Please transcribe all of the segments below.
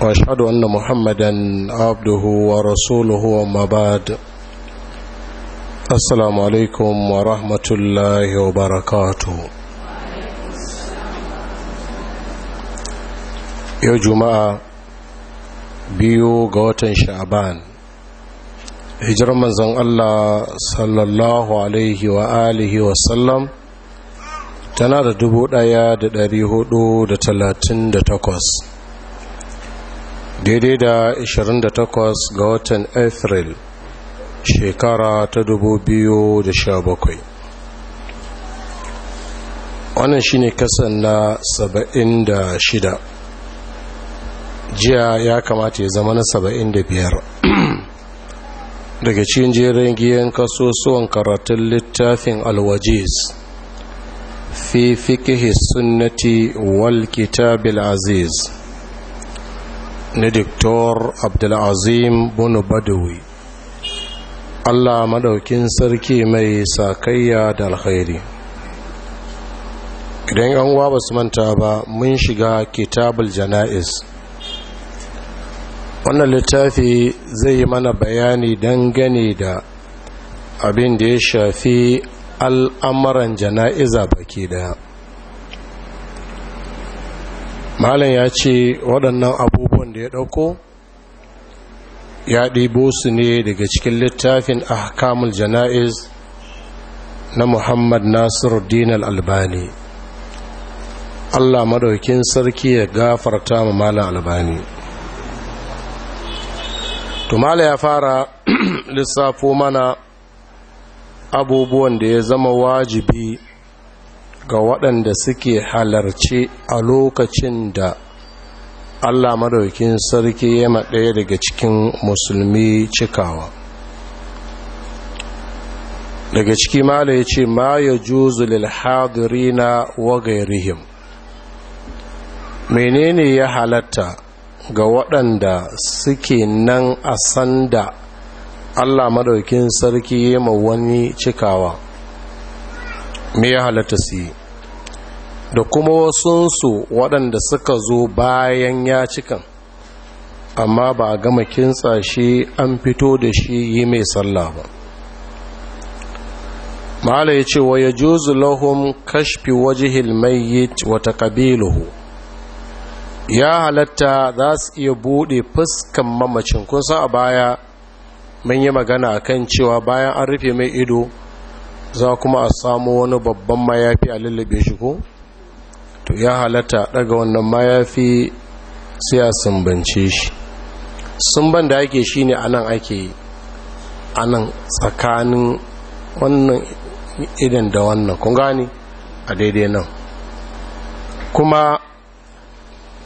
واشهد ان محمدا عبده ورسوله وما بعد السلام عليكم ورحمه الله وبركاته يا جماعه biyu ga watan sha'aban hijirar manzon Allah sallallahu alaihi wa alihi wa sallam tana da dubu ɗaya da ɗari hudu da talatin da takwas daidai da 28 ga watan Afril shekara ta 2017 wannan shine kasan na 76 jiya ya kamata ya zama na 75 daga cikin jerin giyan suwan karatun littafin alwajis fi fikihi sunnati wal kitabil aziz na diktor abdulazim bunu badawi allah madaukin sarki mai sakayya da alkhairi idan yan uwa ba su manta ba mun shiga kitabul jana'is wannan littafi zai yi mana bayani gani da abin da ya shafi al'amuran jana'iza baki daya malam ya ce waɗannan abubuwa abubuwan da ya ɗauko ya ɗibo su ne daga cikin littafin ahkamul jana'iz na muhammad Nasiru nasiruddin albani allah madaukin sarki ya gafarta ma malam albani tumala ya fara lissafo mana abubuwan da ya zama wajibi ga waɗanda suke halarci a lokacin da Allah madaukin sarki yana ɗaya daga cikin musulmi cikawa daga ciki mala ya ce ma ya juzu lilhadirina wa gairihim menene ya halatta ga waɗanda suke nan a sanda Allah madaukin sarki ya ma wani cikawa me ya halatta su yi da kuma wasunsu waɗanda suka zo bayan ya cika amma ba a gama kinsa shi an fito da shi yi mai sallah ba ma'ala ya ce wa ya juzu lahum kashfi wajihil mayyit wa taqabiluhu ya halatta za su iya buɗe fuskan mamacin kun san a baya mun yi magana kan cewa bayan an rufe mai ido za kuma a samu wani babban mayafi a lullube shi ko to ya halatta daga wannan mayafi sai a sumbance shi sumban da ake shi ne a nan ake anan tsakanin wannan idan da wannan kun gani a daidai nan kuma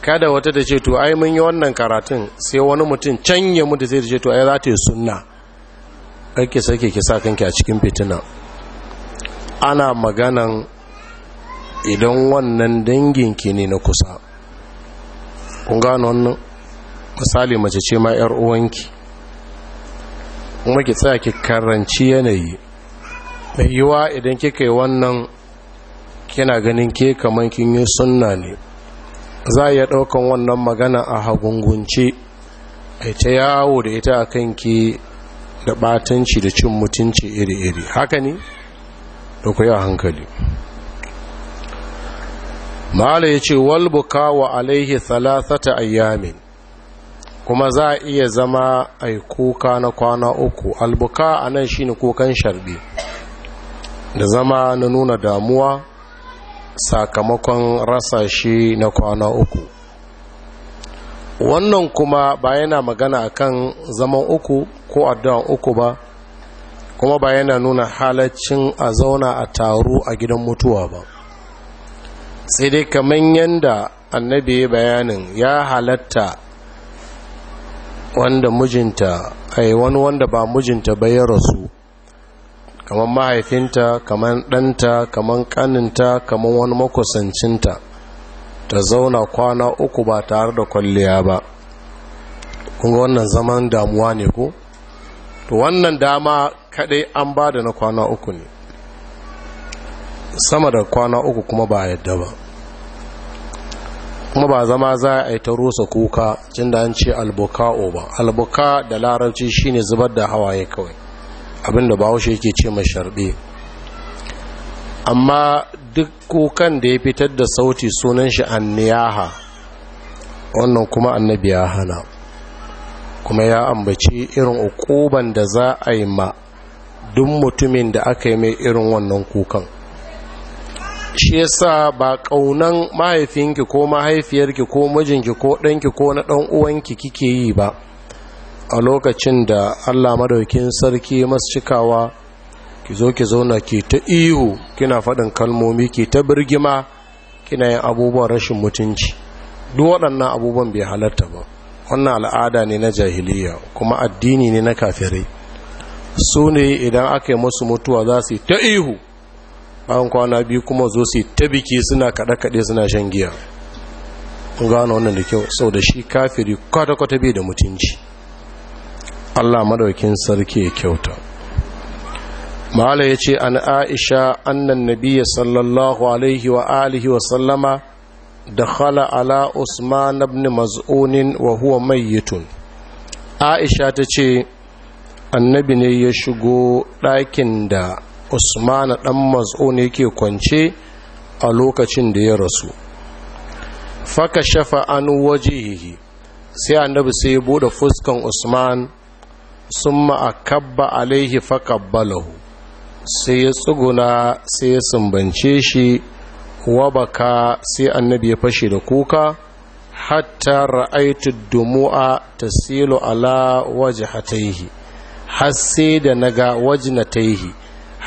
kada wata da ce to ai mun yi wannan karatun sai wani mutum can ya mutu sai da ce to ai za ta yi sunna ake sake kisa kanki a cikin fitina ana maganan idan wannan dangin ki ne na kusa kun gano wannan misali mace ce ma 'yar uwanki kuma ki tsaya ki karanci yanayi mai yiwa idan kika yi wannan kina ganin ke kaman kin yi sunna ne za a iya ɗaukan wannan magana a hagungunci a ta yawo da ita a kanki da batanci da cin mutunci iri-iri haka ne da ku yi hankali mala ya ce walbuka wa alaihi thalathata ayyami kuma za a iya zama a kuka na kwana uku albuka a nan shi ne kukan sharbi da zama na nuna damuwa sakamakon rasa shi na kwana uku wannan kuma ba yana magana kan zaman uku ko addu'an uku ba kuma ba yana nuna halaccin a zauna a taro a gidan mutuwa ba sai dai kamar yadda annabi ya bayanin ya halatta wanda mijinta ai wani wanda ba mijinta ba ya rasu kamar mahaifinta kamar ɗanta kamar kaninta kamar wani makusancinta ta zauna kwana uku ba tare da kwalliya ba kunga wannan zaman damuwa ne ko to wannan dama kadai an ba da na kwana uku ne sama da kwana uku kuma ba yadda ba kuma ba zama za a yi ta rusa kuka cin da an ce albuka'o ba albuka da larabci shine zubar da hawaye kawai abinda bahaushe yake ce mai sharbe amma duk kukan da ya fitar da sauti sunan shi anniyaha wannan kuma annabi ya hana kuma ya ambaci irin ukuban da za a yi ma duk mutumin da aka yi mai irin wannan kukan shi yasa ba kaunan mahaifinki ko mahaifiyarki ko mijinki ko ɗanki ko na ɗan uwanki kike yi ba a lokacin da Allah madaukin sarki masu cikawa ki zo ki zauna ke ta ihu kina faɗin kalmomi ke ta birgima kina yin abubuwan rashin mutunci duk waɗannan abubuwan bai halatta ba wannan al'ada ne na jahiliya kuma addini ne na kafirai su ne idan aka yi musu mutuwa za su yi ta ihu bayan kwana biyu kuma zo su ta biki suna kaɗe-kaɗe suna shan giya gano wannan da kyau sau da shi kafiri kwata-kwata bai da mutunci allah madaukin sarki ya kyauta ma'ala ya ce an aisha annan nabiya sallallahu alaihi wa alihi wa sallama da khala ala usman ibn maz'unin wa huwa mayyitun aisha ta ce annabi ne ya shigo ɗakin da usman dan ne yake kwance a lokacin da ya rasu faka shafa an wajihihi sai annabi sai ya bude fuskan usman summa akabba alaihi faqabbalahu sai ya tsuguna sai ya sumbance shi baka sai annabi ya fashe da kuka hatta ra'aitu dumu'a tasilu ala wajhatayhi har sai da naga wajnatayhi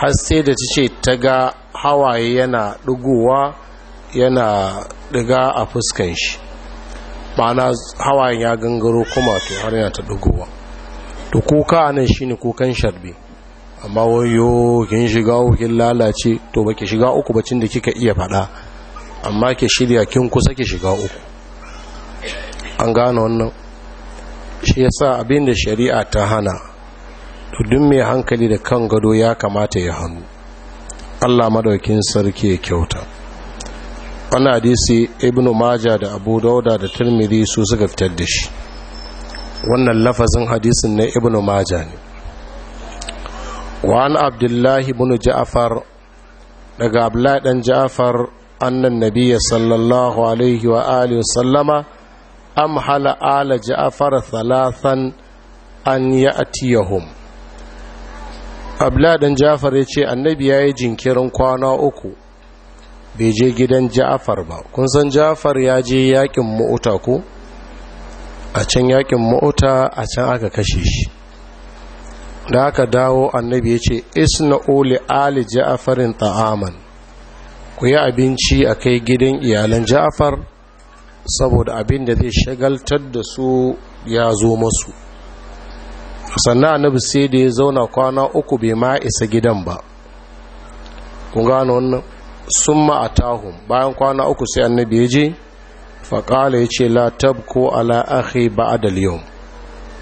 har sai da ta ce ta ga hawaye yana ɗigowa yana ɗiga a fuskan shi ma'ana hawayen ya gangaro kuma to har yana ta ɗigowa to kuka anan shine kukan sharbi amma wayo kin shiga uku lalace to ba ki shiga uku bacin da kika iya faɗa amma ke shirya kin kusa ki shiga uku an gane wannan shi yasa abin da shari'a ta hana to duk mai hankali da kan gado ya kamata ya hannu allah madaukin sarki ya kyauta wani hadisi ibnu maja da abu dauda da turmiri su suka fitar da shi wannan lafazin hadisin na Ibn maja ne wa'an abdullahi bin ja'afar daga abdullahi dan ja'afar annan nabiya sallallahu alaihi wa alihi sallama hala ala ja'afar thalathan an ya'tiyahum dan jafar ya ce annabi ya yi jinkirin kwana uku bai je gidan jafar ba kun san jafar ya je yakin ma'uta ko a can yakin ma'uta a can aka kashe shi da aka dawo annabi ya ce isna oli ali Jafarin ta'aman ku yi abinci a kai gidan iyalan Jafar saboda abin da zai shagaltar da su ya zo masu sannan annabi sai da ya zauna kwana uku bai ma isa gidan ba kun gano wannan sun ma'atahun bayan kwana uku sai annabi ya je faƙala ya ce latab ko ala'ahi ba a yau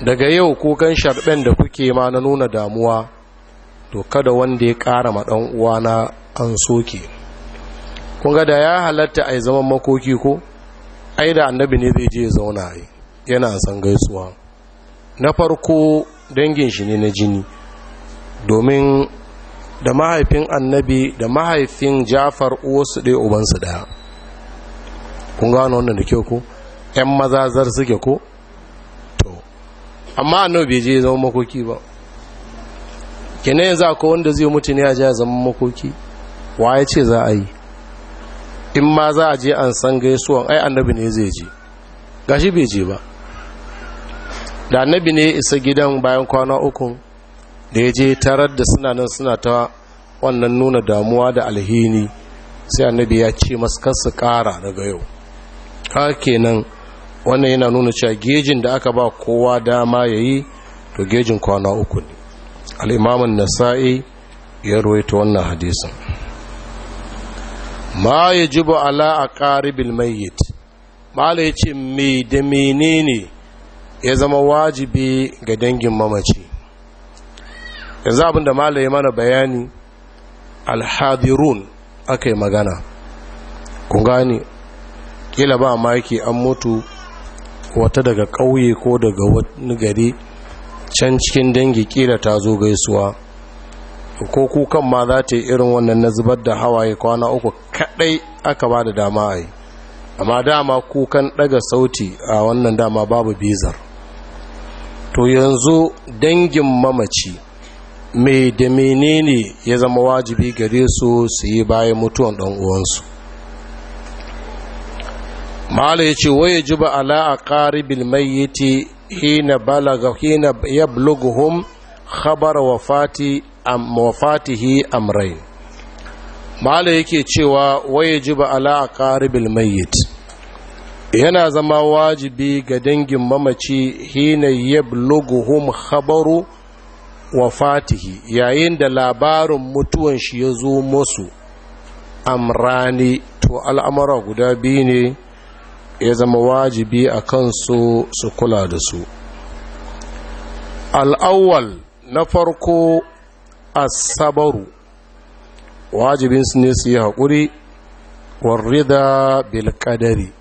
daga yau kan sharɓen da kuke ma na nuna damuwa to kada wanda ya ƙara maɗan uwana an soke kunga da ya halatta a yi zaman makoki ko ai da annabi ne zai je ya zauna yana san gaisuwa na farko dangin shi ne na jini domin da mahaifin annabi da mahaifin jafar uwarsu ɗaya ubansu ɗaya kun gano wannan da kyau ko 'yan mazazar suke ko to amma annabi bai je zama makoki ba kenan yanzu akwai wanda zai mutu ne a ji zama makoki wa ya ce za a yi in ma za a je an san gaisuwan ai annabi ne zai je gashi bai je ba da annabi ne ya isa gidan bayan kwana uku da ya je tarar da suna nan suna ta wannan nuna damuwa da alhini sai annabi ya ce maskansu su kara daga yau kake nan wannan yana nuna cewa gejin da aka ba kowa dama ya yi to gejin kwana uku ne al'imamun nasa'i ya ta wannan hadisin ma ya jibo ala a ƙaribin mayyit ma ya ce mai da menene ne ya zama wajibi ga dangin mamaci yanzu abinda malaye mana bayani alhadirun aka yi magana kun gani kila ba maki an mutu wata daga ƙauye ko daga wani gari can cikin dangi kila ta zo gaisuwa ko kukan ma za ta yi irin wannan na zubar da hawaye kwana uku kadai aka ba da dama a yi amma dama kukan daga sauti a wannan dama babu bizar to yanzu dangin mamaci mai da menene ya zama wajibi gare su su yi bayan mutuwan ɗan uwansu mala ya ce waye ji ba ala a ƙaribin mayyiti hina balaga hina ya bloguhum khabar wafatihi amrain mala yake cewa waye ji ba ala a ƙaribin mayyiti yana zama wajibi ga dangin mamaci hina yabluguhum khabaru wa fatihi yayin da labarin mutuwan shi ya zo musu amrani to al'amara guda biyu ne ya zama wajibi a kansu su kula da su al'awwal na farko asabaru wajibin su ne su yi haƙuri warrida bilkadari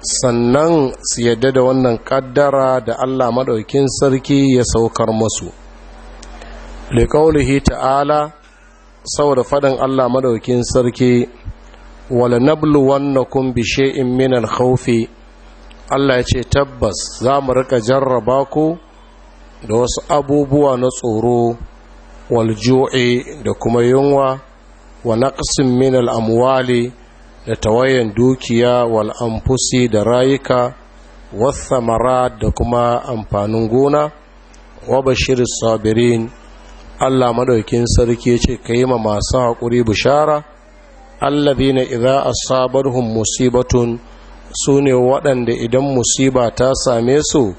sannan su yadda da wannan kaddara da Allah maɗaukin sarki ya saukar masu liƙaulihi ta'ala saboda faɗin Allah maɗaukin sarki wala kun bi shay'in in minan haufi Allah ya ce tabbas za mu rika jarraba ku da wasu abubuwa na tsoro wal da kuma yunwa wa naqsin minar al da tawayen dukiya wal amfusi da rayuka mara da kuma amfanin gona wa bashir sabirin Allah madaukin sarki ce ka yi ma masu haƙuri bishara allazina idza asabarhum musibatun sune waɗanda idan musiba ta same su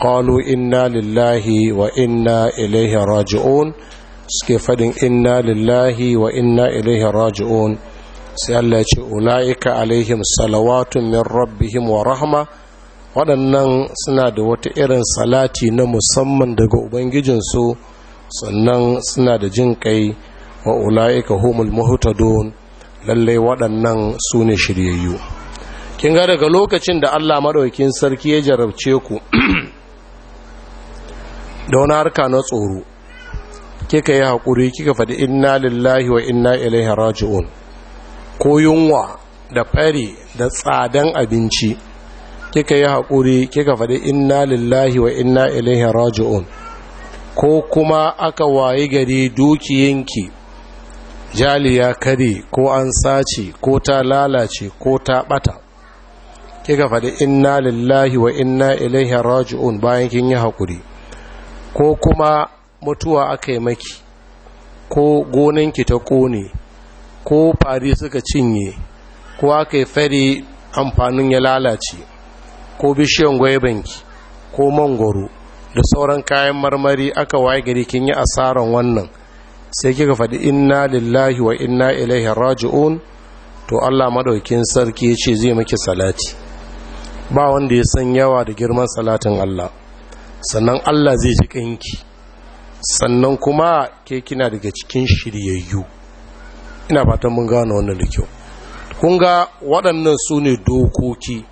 qalu inna lillahi wa inna ilaihi raji'un suke fadin inna lillahi wa inna ilaihi raji'un sai Allah ya ce ula'ika alaihim salawatun min rabbihim wa rahma waɗannan suna da wata irin salati na musamman daga ubangijinsu sannan suna da jin kai wa ula'ika humul muhtadun lallai waɗannan su ne shiryayyu kin ga daga lokacin da Allah madaukakin sarki ya jarabce ku da wani harka na tsoro kika yi haƙuri kika faɗi inna lillahi wa inna ilaihi raji'un ko yunwa da fari da tsadan abinci kika yi haƙuri kika faɗi inna lillahi wa inna ilaihi raji'un ko kuma aka wayi gari dukiyanki jali ya kare ko an sace ko ta lalace ko ta ɓata kika faɗi inna lillahi wa inna ilaihi raji'un bayan kin yi haƙuri ko kuma mutuwa aka yi maki ko gonanki ta ƙone ko fari suka cinye ko aka fari amfanin ya lalace ko bishiyan gwaibanki ko mangoro da sauran kayan marmari aka waye gari kin yi asaran wannan sai kika faɗi inna lillahi wa inna ilaihi raji'un to Allah madaukin sarki yace zai miki salati ba wanda ya san yawa da girman salatin Allah sannan Allah zai ji kanki sannan kuma ke kina daga cikin shiryayyu ina fatan mun gano wannan da kyau kun ga waɗannan su ne dokoki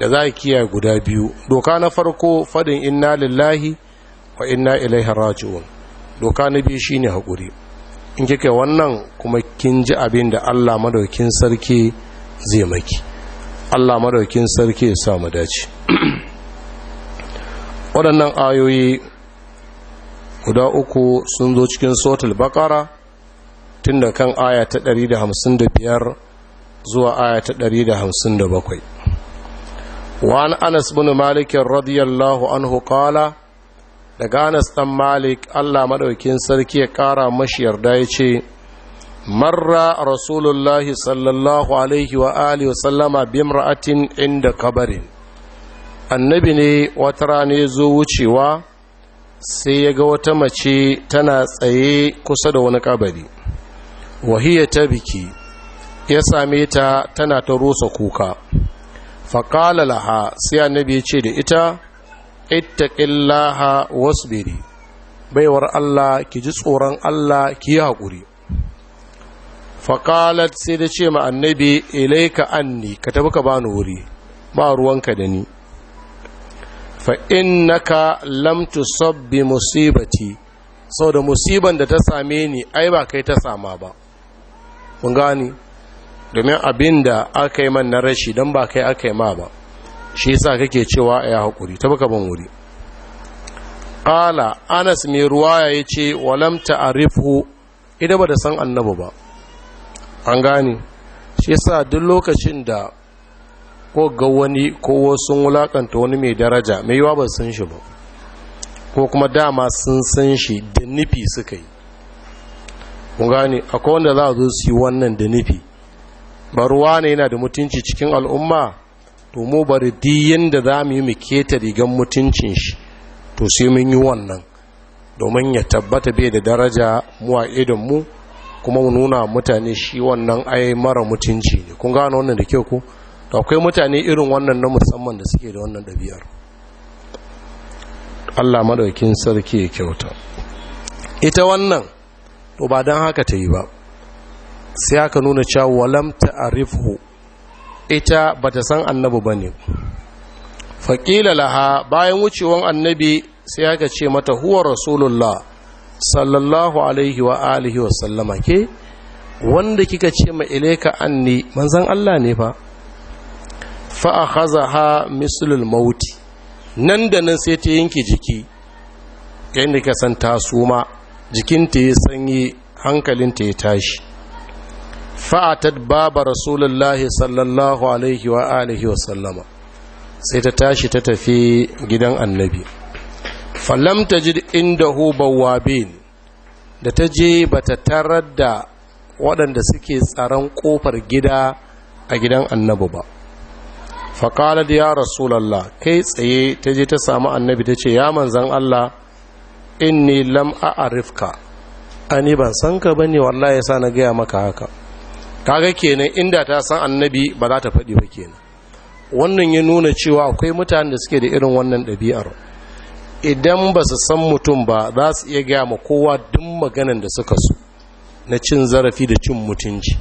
da za a kiyaye guda biyu doka na farko fadin inna lillahi wa inna ilaihi raji'un doka na biyu shine hakuri in kika wannan kuma kin ji abin da Allah madaukin sarki zai maki Allah madaukin sarki ya sa mu dace waɗannan ayoyi guda uku sun zo cikin sotul baqara tun da kan aya ta 155 zuwa aya ta 157 Wani anas bin malikin radiyallahu anhu kala daga anas dan malik allah maɗaukin sarki ya kara mashi yarda yace marra rasulullahi sallallahu alaihi wa alihi sallama ra'atin inda kabarin annabi ne wata rana zo wucewa sai ya ga wata mace tana tsaye kusa da wani kabari wahiyar ta biki ya same ta tana ta rusa kuka faƙala laha sai annabi ya ce da ita ittaqillaha wasbiri baiwar Allah ki ji tsoron Allah ki yi haƙuri faƙalat sai da ce ma annabi ilaika anni ka tafi ka bani wuri ba ruwanka da ni fa innaka lam tusabbi musibati saboda musiban da ta same ni ai ba kai ta sama ba mun gani domin abin da aka yi man na rashi don ba kai aka yi ma ba shi sa kake cewa a ya haƙuri ta baka ban wuri ƙala anas mai ruwa ya ce walam ta'arifu ida ba da san annabi ba an gani shi sa duk lokacin da ko ga wani ko wasu wulakanta wani mai daraja mai yiwa ba sun shi ba ko kuma dama sun san shi da nufi suka yi kun gane akwai wanda za a zo su yi wannan da nufi baruwa ne yana da mutunci cikin al'umma to mu bari diyin da za mu yi mu keta rigan mutuncin shi to sai mun yi wannan domin ya tabbata bai da daraja mu a mu kuma mu nuna mutane shi wannan ai mara mutunci ne kun gane wannan da kyau ko to akwai mutane irin wannan na musamman da suke da wannan ɗabi'ar Allah madaukin sarki ya kyauta ita wannan to ba don haka ta yi ba sai aka nuna cewa walam arifu ita ba ta san annabi ne. faƙila laha bayan wucewan annabi sai aka ce mata huwa rasulullah sallallahu alaihi wa alihi wa sallama ke wanda kika ce ma ilaika anni manzan Allah ne fa fa akhazaha mislul mauti nan da nan sai ta yanke jiki yayin da ka san ta suma jikinta ya sanyi hankalinta ya tashi fa'atat baba rasulullahi sallallahu alaihi wa alihi wa sallama sai ta tashi ta tafi gidan annabi fallam ta ji inda bawabin da ta je ba ta tarar da waɗanda suke tsaron ƙofar gida a gidan annabi ba faƙalar ya rasulallah kai tsaye ta je ta samu annabi ta ce ya manzan allah inni lam a'rifka ani ban san ka bane wallahi yasa na gaya maka haka kaga kenan inda ta san annabi ba za ta faɗi ba kenan wannan ya nuna cewa akwai mutanen da suke da irin wannan ɗabi'ar idan ba su san mutum ba za su iya gaya ma kowa duk maganan da suka so na cin zarafi da cin mutunci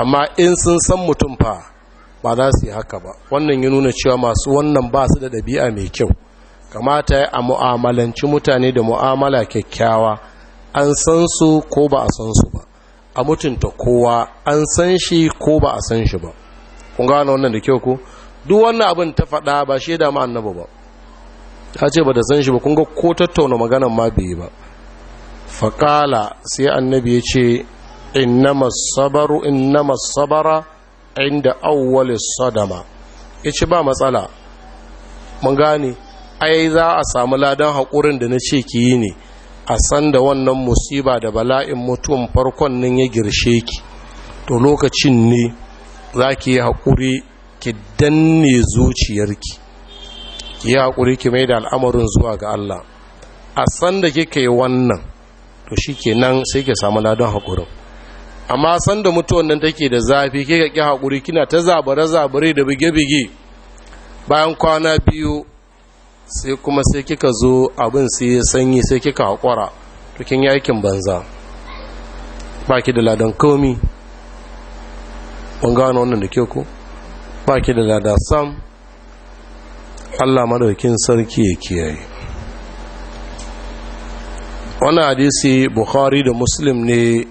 amma in sun san mutum fa ba za su yi haka ba wannan ya nuna cewa masu wannan ba su da ɗabi'a mai kyau kamata a mu'amalanci mutane da mu'amala kyakkyawa an san su ko ba a san su ba a mutunta kowa an san shi ko ba a san shi ba kun gano wannan da kyau ko duk wannan abin ta faɗa ba shi da ma annabi ba ta ce ba da san shi ba kun ga ko tattauna maganan ma bai ba faƙala sai annabi ya ce innama sabaru innama sabara inda awwalis sadama ya ce ba matsala mun gane ai za a samu ladan haƙurin da na ce ki yi ne a san wannan musiba da bala'in mutum farkon nan ya girshe ki to lokacin ne za ki yi haƙuri ki danne zuciyarki ki yi haƙuri ki mai da al'amarin zuwa ga Allah a san da kika yi wannan to shi ke nan sai ki samu ladan haƙurin amma sanda da mutuwan nan take da zafi kika ƙi haƙuri kina ta zabare-zabare da bige-bige bayan kwana biyu sai kuma sai kika zo abin sai ya sanyi sai kika haƙura tukin yakin banza ba ki da ladan komi ban gano wannan da ke ku ba ki da lada sam allah maɗaukin sarki ya kiyaye wani hadisi bukhari da muslim ne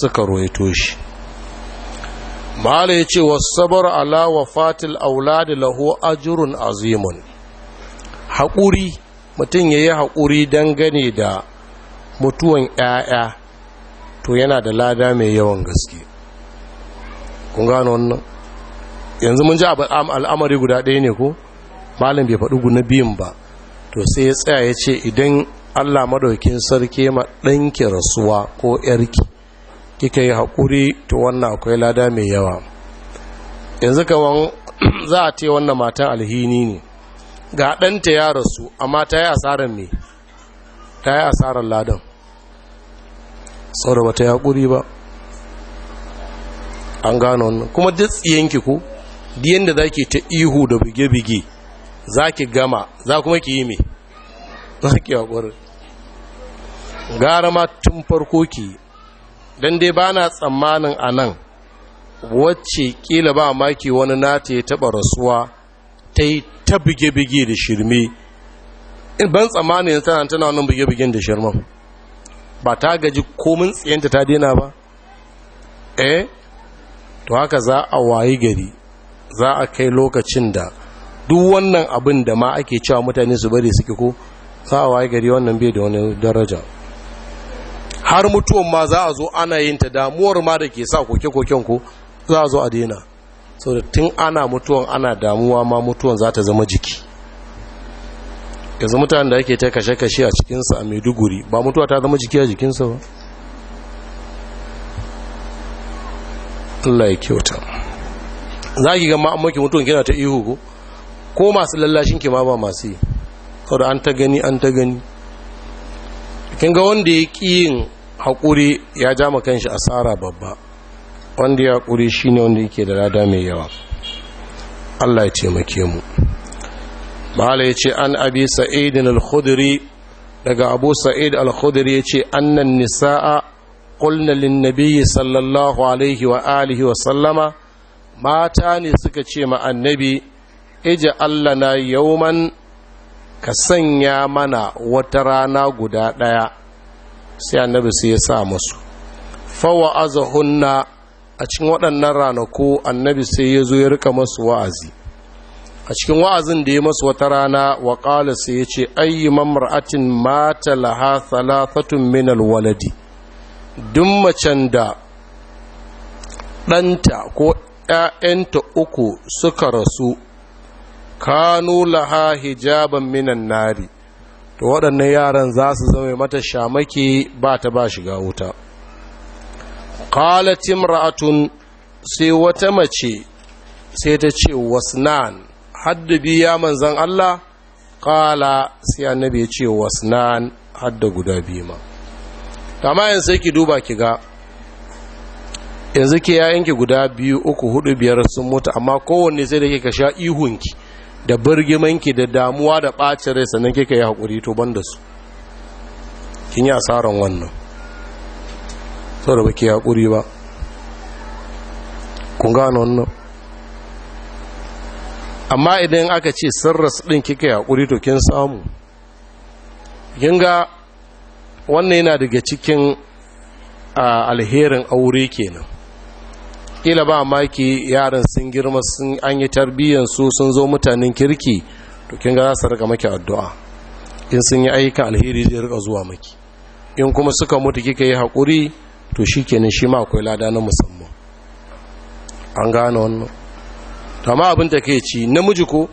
suka ruwaito shi ma'ala ya ce wasu sabar ala wa fatil auladi lahu ajurun azimun haƙuri mutum ya yi haƙuri dangane da mutuwan 'ya'ya to yana da lada mai yawan gaske kun gano wannan yanzu mun ji al'amari guda ɗaya ne ko malam bai faɗi guna biyun ba to sai ya tsaya ya ce idan allah maɗaukin sarki ma ɗanki rasuwa ko ‘yarki kika yi haƙuri to wannan akwai lada mai yawa yanzu kawan za a ce wannan matan alhini ne ga ɗanta ya rasu amma ta yi asarar ne, ta yi asarar ladan saboda bata yaƙuri ba an gano wannan kuma duk yanki ko diyan da zaki ta ihu da bige-bige ki gama za kuma ki yi me zaki yaƙuri gara ma tun farko ki don dai ba na tsammanin a nan wacce kila ba maki wani nata ya taɓa rasuwa ta yi ta bige-bige da shirme in ban tsammanin tana tana wannan bige-bigen da shirman ba ta gaji komin tsayanta ta dina ba eh to haka za a wayi gari za a kai lokacin da duk wannan abin da ma ake cewa mutane su bari suke ko za a wayi gari wannan bai da wani daraja har mutuwan ma za a zo ana yin ta damuwar ma da ke sa koke-koken ko za a zo a dina so da tun ana mutuwan ana damuwa ma mutuwan za ta zama jiki yanzu mutanen da yake ta kashe-kashe a cikinsa a maiduguri ba mutuwa ta zama jiki a jikinsa ba Allah ya kyauta za ki gama amma mutuwan kina ta ihu ko ko masu lallashin ki ma ba masu yi da an ta gani an ta gani kin ga wanda ya ƙi yin haƙuri ya ja ma kanshi asara babba wanda ya ƙuri shi ne wanda yake da lada mai yawa Allah ya taimake mu mala ya ce an abi sa'idin al-khudri daga abu sa'id al-khudri ya ce annan nisa'a ƙulna linnabiyyi sallallahu alaihi wa alihi wa sallama mata ne suka ce ma annabi ija Allah na yauman ka sanya mana wata rana guda ɗaya sai annabi sai ya sa masu. fawa azahunna a cikin waɗannan ranaku annabi sai ya zo ya rika masu wa'azi a cikin wa'azin da ya masu wata rana wa ƙala sai ya ce ayi mamra'atin mata laha thalathatun min alwaladi duk macen da ɗanta ko ‘ya'yanta uku suka rasu kanu laha hijaban minan nari to waɗannan yaran za su zama mata shamaki ba ta ba shiga wuta qalat imra'atun sai wata mace sai ta ce wasnan haddabi ya manzan Allah qala sai annabi ya ce wasnan hadda guda biyu ma amma yanzu sai ki duba ki ga yanzu ke yayanki guda biyu uku hudu biyar sun mutu amma kowanne sai da kika sha ihunki da birgimanki da damuwa da ɓacin rai sannan kika yi hakuri to ban da su kin yi asaran wannan saboda baki haƙuri ba kun gano wannan amma idan aka ce sirras ɗin kika hakuri to kin samu kinga wannan yana daga cikin alherin aure kenan kila ba maki yaran sun girma sun an yi tarbiyyar su sun zo mutanen kirki to kinga za su rika maki addu'a in sun yi ayyukan alheri zai rika zuwa maki in kuma suka mutu kika yi hakuri. to shi kenan shi ma akwai lada na musamman an gane wannan amma abin da ke ci namiji ko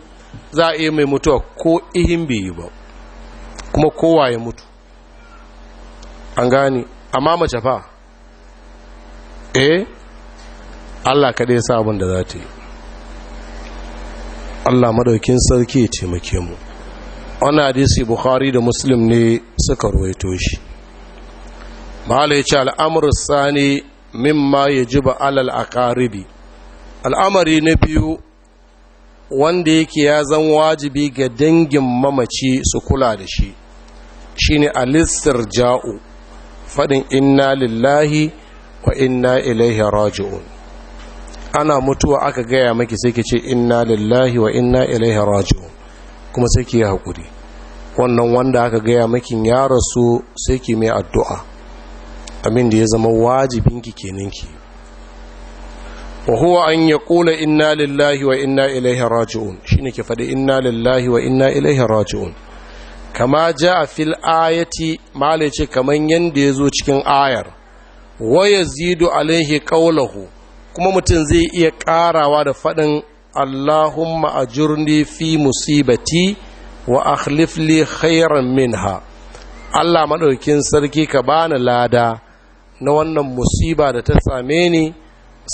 za a iya mai mutuwa ko ihin biyu ba kuma kowa ya mutu an gane amma mace fa eh Allah kaɗai ya sa abin da za ta yi Allah madaukin sarki ya taimake mu wannan hadisi bukhari da muslim ne suka ruwaito shi mahala ya ce al'amur sani min ma ya ji ba alal akaribi al'amari na biyu wanda yake ya zan wajibi ga dangin mamaci su kula da shi shine alistar ja'u faɗin inna lillahi wa inna ilaihi raji'un ana mutuwa aka gaya maki sai ke ce inna lillahi wa inna ilaihi raji'un kuma sai ke haƙuri wannan wanda aka gaya makin ya rasu sai ke mai addu'a abin da ya zama ki kenan ki wa huwa an yaqula inna lillahi wa inna ilaihi raji'un shine ke fadi inna lillahi wa inna ilaihi raji'un kama jaa fil ayati mala kaman yanda yazo cikin ayar wa yazidu alaihi qawluhu kuma mutum zai iya karawa da fadin Allahumma ajurni fi musibati wa akhlif li khayran minha Allah maɗaukin sarki ka bani lada na wannan musiba da ta same ni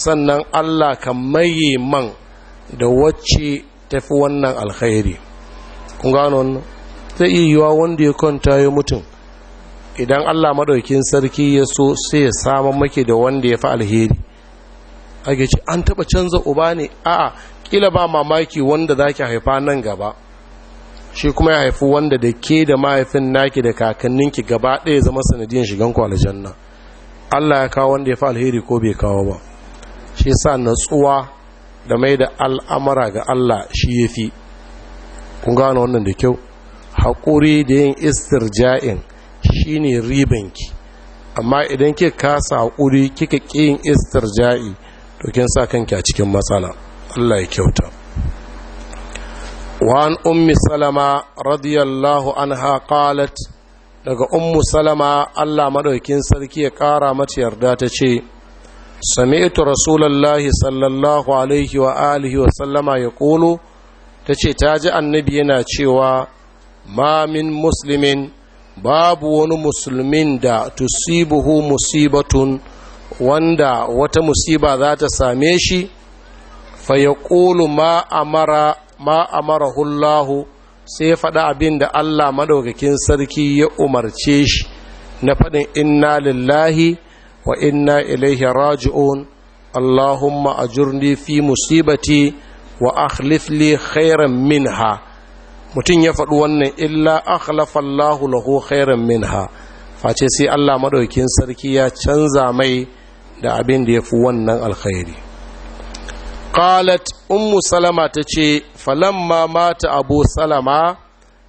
sannan Allah ka maye man da wacce tafi wannan alkhairi kun gano wannan zai iya yiwa wanda ya kwanta ya mutum idan Allah maɗaukin sarki ya so sai ya samun make da wanda ya fi alheri a ce an taɓa canza uba ne a'a kila ba mamaki wanda za ki haifa nan gaba shi kuma ya haifi wanda da ke da mahaifin naki da kakanninki gaba ɗaya zama sanadiyar shigan ku nan Allah ya kawo wanda ya fi alheri ko bai kawo ba shi sa natsuwa da mai da al'amara ga Allah shi ya fi kun gano wannan da kyau haƙuri da yin istirja'in shi ne ribanki amma idan ke kasa haƙuri kika ƙi yin istirja'i to kin sa kanki a cikin matsala Allah ya kyauta Wa an ummi salama radiyallahu anha qalat daga ummu salama Allah maɗaukin sarki ya ƙara mata yarda ta ce sami'tu rasulullahi sallallahu alaihi wa alihi wa sallama ya ƙolo ta ce ta ji annabi yana cewa mamin musulmin muslimin babu wani musulmin da tusibuhu musibatun wanda wata musiba za ta same shi fa ya ma amara ma sai ya faɗa abin da Allah maɗaukakin sarki ya umarce shi na faɗin inna lillahi wa inna ilaihi raji'un Allahumma ajurni fi musibati wa akhlif khairan minha mutum ya faɗi wannan illa akhlafa Allahu lahu khairan minha face sai Allah maɗaukakin sarki ya canza mai da abin da ya fi wannan alkhairi قالت أم سلمة تشي falamma mata abu salama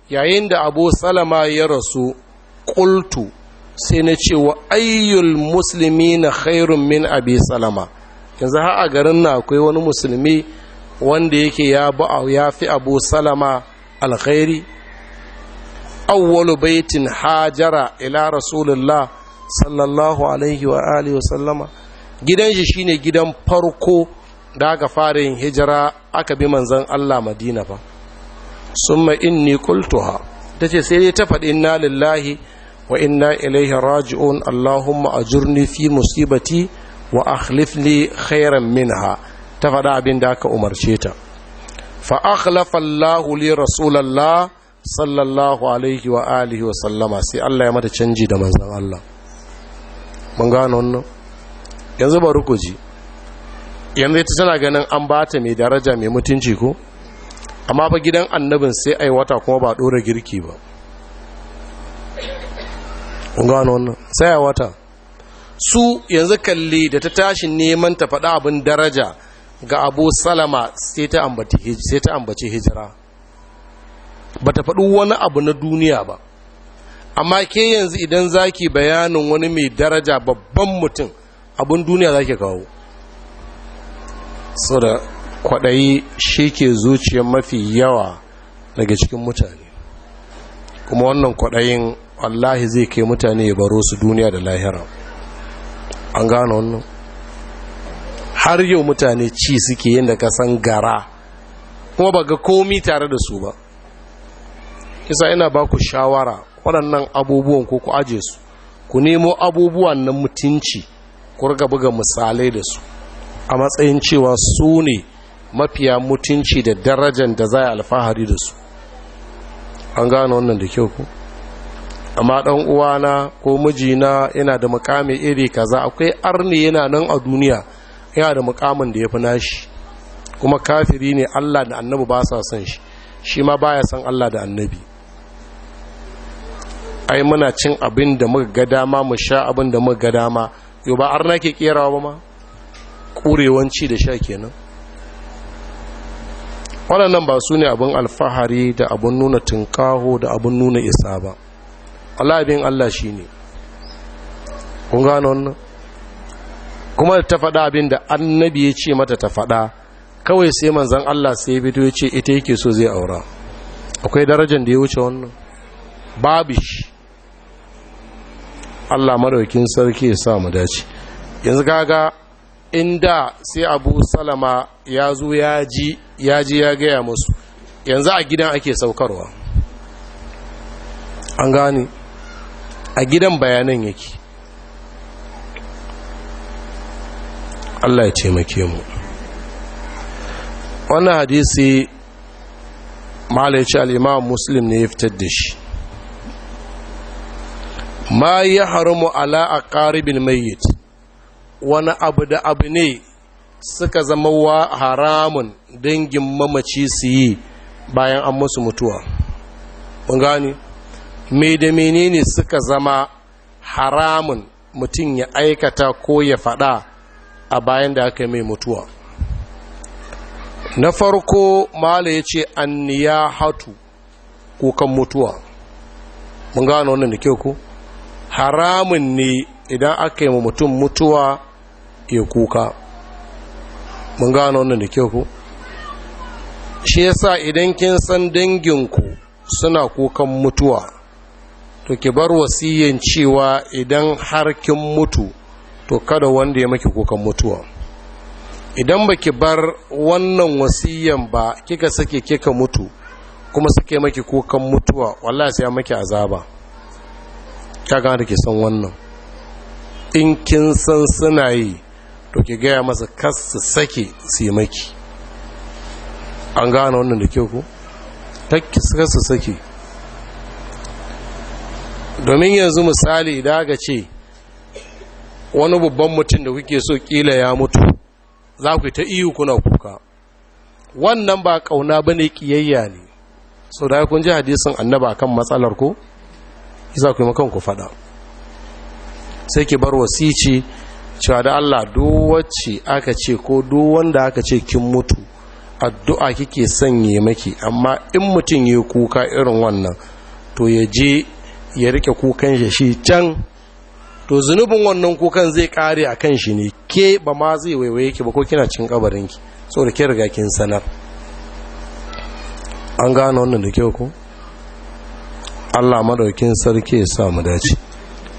yayin da abu salama ya rasu ƙultu sai na ce wa ayyul musulmi na khairun min abi salama yanzu har a garin na akwai wani musulmi wanda yake ya ya fi abu salama alkhairi awwalu baitin hajara ila rasulullah sallallahu alaihi wa alihi wa sallama gidan shi shine gidan farko da aka fara yin hijira aka bi manzan Allah madina fa summa inni qultuha tace sai dai ta faɗi inna lillahi wa inna ilaihi raji'un allahumma ajurni fi musibati wa akhlifni khairan minha ta faɗa abin da aka umarce ta fa akhlafa Allahu li rasulallah sallallahu alaihi wa alihi wa sallama sai Allah ya mata canji da manzan Allah mun gano wannan yanzu bari ku ji yanzu ita tana ganin an ba ta mai daraja mai mutunci ko amma ba gidan annabin sai a wata kuma ba ɗora girki ba gano wannan sai a wata su yanzu kalli da ta tashi neman ta faɗa abin daraja ga abu salama sai ta ambaci hijira ba ta faɗi wani abu na duniya ba amma ke yanzu idan zaki bayanin wani mai daraja babban mutum abin duniya zaki kawo saboda kwaɗayi shi ke zuciyar mafi yawa daga cikin mutane kuma wannan kwaɗayin wallahi zai kai mutane ya baro su duniya da lahira an gano wannan har yau mutane ci suke yin da kasan gara kuma ba ga komi tare da su ba isa ina ba ku shawara waɗannan abubuwan ko ku aje su ku nemo abubuwan na mutunci ku riga buga misalai da su a matsayin cewa su ne mafiya mutunci da darajar da za a alfahari da su an gane wannan da kyau ku amma ɗan uwana ko mijina yana da mukami iri kaza akwai arni yana nan a duniya yana da mukamin da ya fi nashi kuma kafiri ne allah da annabi ba sa son shi shi ma baya son allah da annabi ai muna cin abin da muka ga dama mu sha abin da muka ga dama yau ba arna ke kerawa ba ma kurewanci da sha kenan waɗannan ba su ne abin alfahari da abin nuna tunkaho da abin nuna isa ba alabin allah shi ne kun gano wannan kuma ta faɗa abin da annabi ya ce mata ta faɗa kawai sai manzan allah sai ya fito ya ce ita yake so zai aura akwai darajar da ya wuce wannan babu shi allah maraukin sarki ya sa mu dace yanzu kaga inda sai abu salama ya zo ya ji ya gaya musu yanzu a gidan ake saukarwa an gane a gidan bayanan yake Allah ya ce make mu wannan hadisi malaici al'imam muslim ne ya fitar da shi ma ya haramu ala a ƙaribin mayyit wani abu da abu ne suka zama wa haramun dangin mamaci su yi bayan an musu mutuwa mun gani me da menene suka zama haramun mutum ya aikata ko ya faɗa a bayan da aka mai mutuwa na farko mala ya ce an ya hatu kukan mutuwa mun gano wannan da kyau ku haramun ne idan aka yi mutum mutuwa ya kuka mun gano wannan da kyau ku shi yasa idan kin san danginku suna kukan mutuwa to ki bar wasiyyan cewa idan har kin mutu to kada wanda ya maki kukan mutuwa idan baki bar wannan wasiyyan ba kika sake kika mutu kuma suke maki kukan mutuwa wallahi sai ya maki azaba kaga da ke san wannan in kin san suna yi to ki gaya masa kas su sake su yi maki an gane wannan da kyau ku ta kas su sake domin yanzu misali da aka ce wani babban mutum da kuke so kila ya mutu za ku ta iyu kuna kuka wannan ba kauna ba ne kiyayya ne sau da kun ji hadisin annaba kan matsalar ku za ku yi makon ku fada sai ki bar wasici cewa da Allah duk wacce aka ce ko duwanda wanda aka ce kin mutu addu'a kike sanye maki amma in mutum ya kuka irin wannan to ya je ya rike kukan shi can to zunubin wannan kukan zai kare a kan shi ne ke ba ma zai waiwaye ki ba ko kina cin kabarinki saboda ke riga kin sanar an gane wannan da kyau ko Allah madaukin sarki ya samu mu dace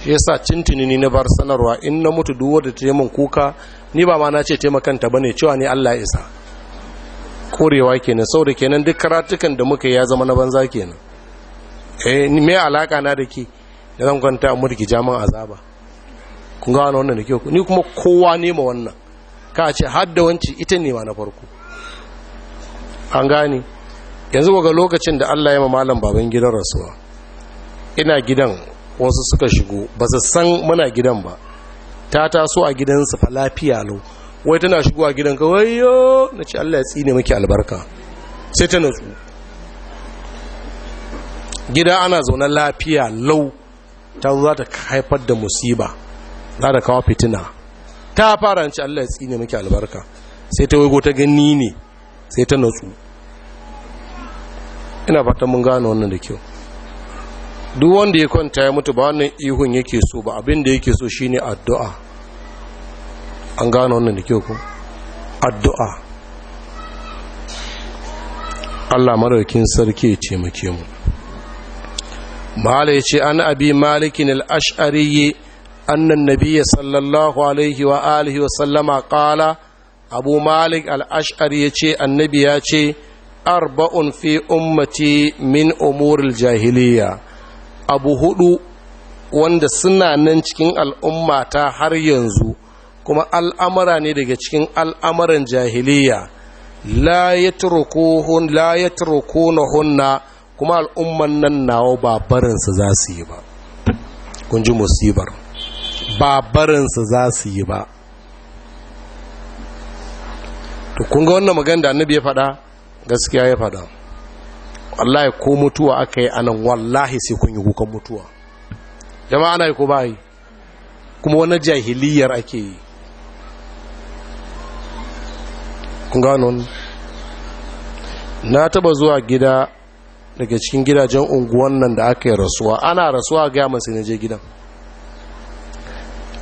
shi yasa tintini ni na bar sanarwa in na mutu duk wanda ta yi kuka ni ba ma na ce taimakanta bane cewa ne Allah ya isa korewa kenan da kenan duk karatukan da muka ya zama na banza kenan eh me alaka na da ke da zan kwanta mu riki jaman azaba kun ga wannan da ke ni kuma kowa ne ma wannan ka ce har da wanci ita ne ma na farko an gane yanzu ga lokacin da Allah ya ma malam baban gidan rasuwa ina gidan wasu suka shigo ba su san muna gidan ba ta taso a gidansu fa lafiya lau wai tana shigo a gidan ka wayo na ce allah ya tsine miki albarka sai ta natsu gida ana zaune lafiya lau ta za ta haifar da musiba za ta kawo fitina ta fara ci allah ya tsine miki albarka sai ta waigo ta gani ne sai ta natsu ina fatan mun gano wannan da kyau duk wanda ya kwanta ya mutu ba wannan ihun yake so ba abinda yake so shine addu'a an gano wannan da kyau ku addu'a Allah maraukin sarki ce muke mu malai ce an abi malikin al'ash'ariye annan nabiya sallallahu alaihi wa alihi wa sallama ƙala abu malik al'ash'ari ya ce annabi ya ce arba'un fi ummati min umuril jahiliya abu hudu wanda suna nan cikin al'ummata har yanzu kuma al'amara ne daga cikin al'amaran jahiliya la ya na hunna kuma al'umman nan nawa ba za su yi ba kun ji musibar ba za su yi ba to kun wannan maganda annabi ya faɗa gaskiya ya faɗa wallahi ko mutuwa aka yi anan wallahi sai kun yi kukan mutuwa jama'a ana yi ko bayi kuma wani jahiliyar ake yi kun na taba zuwa gida daga cikin gidajen unguwan nan da aka yi rasuwa ana rasuwa ga masu na je gidan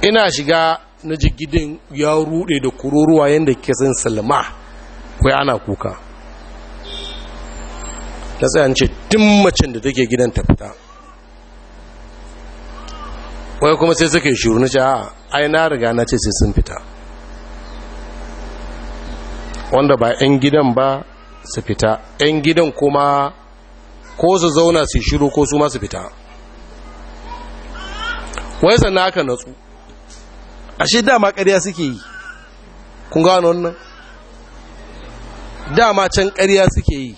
ina shiga na ji gidan ya rude da kururuwa yadda ke san salma kai ana kuka ta tsaye ce tun macin da take gidan ta fita wai kuma sai suke shiru shuru na ce a ai na riga na ce sai sun fita wanda ba 'yan gidan ba su fita 'yan gidan kuma ko su zauna su shiru ko su ma su fita wai sannan aka natsu ashe dama ƙarya suke yi kun gano wannan dama can ƙarya suke yi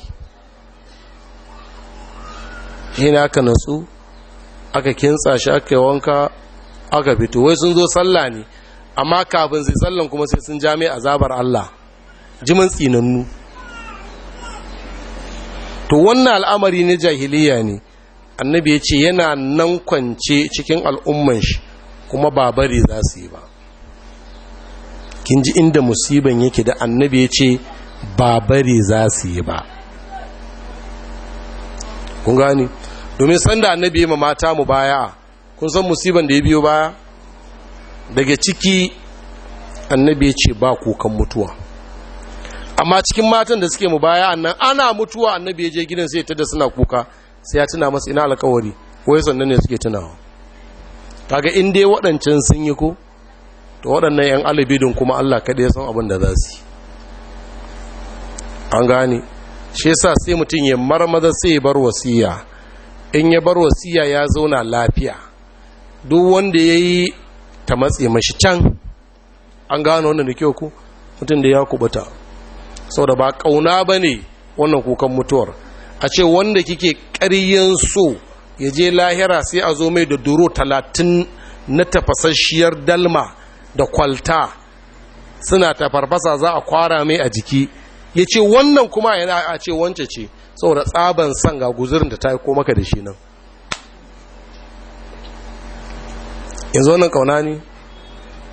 hina aka natsu aka kintsa shi aka yi wanka aka fito wai sun zo sallah ne amma kafin sai sallan kuma sai sun jami azabar Allah jimin tsinannu to wannan al'amari na jahiliya ne annabi ya ce yana nan kwance cikin al'umman shi kuma ba za su yi ba kin ji inda musiban yake da annabi ya ce ba za su yi ba kun gani domin sanda annabi ma mata mu baya kun san musiban da ya biyo baya daga ciki annabi ya ce ba kukan mutuwa amma cikin matan da suke mu baya annan ana mutuwa annabi ya je gidan sai ta da suna kuka sai ya tuna masa ina alkawari ya sannan ne suke tunawa kaga in dai waɗancan sun yi ko to waɗannan 'yan alibidin kuma allah kaɗai san abin da za su yi an gane shi sa sai mutum ya marmaza sai ya bar wasiya in ya bar wasiya ya zauna lafiya duk wanda ya yi ta matse mashi can an gano wannan da kyau ku mutum da ya kubuta sau da ba kauna ba ne wannan kukan mutuwar a ce wanda kike ƙaryen so ya je lahira sai a zo mai da duro talatin na tafasasshiyar dalma da kwalta suna tafarfasa za a kwara mai a jiki ya ce wannan kuma yana a ce wance ce saboda tsaban san ga guzurin da ta yi maka da shi nan yanzu wannan kauna ne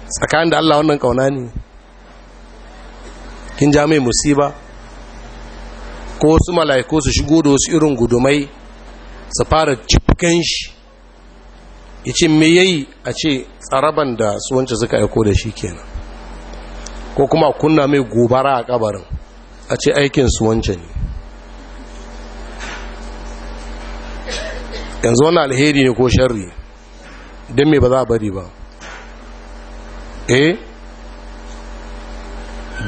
tsakanin da allah wannan kauna ne kin ja mai musiba ko wasu mala'iku su shigo da wasu irin gudumai su fara cikin shi ya ce me yayi a ce tsaraban da su wance suka aiko da shi kenan ko kuma kunna mai gobara a kabarin a ce aikin su wancan yanzu wani alheri ne ko sharri don me ba za a bari ba eh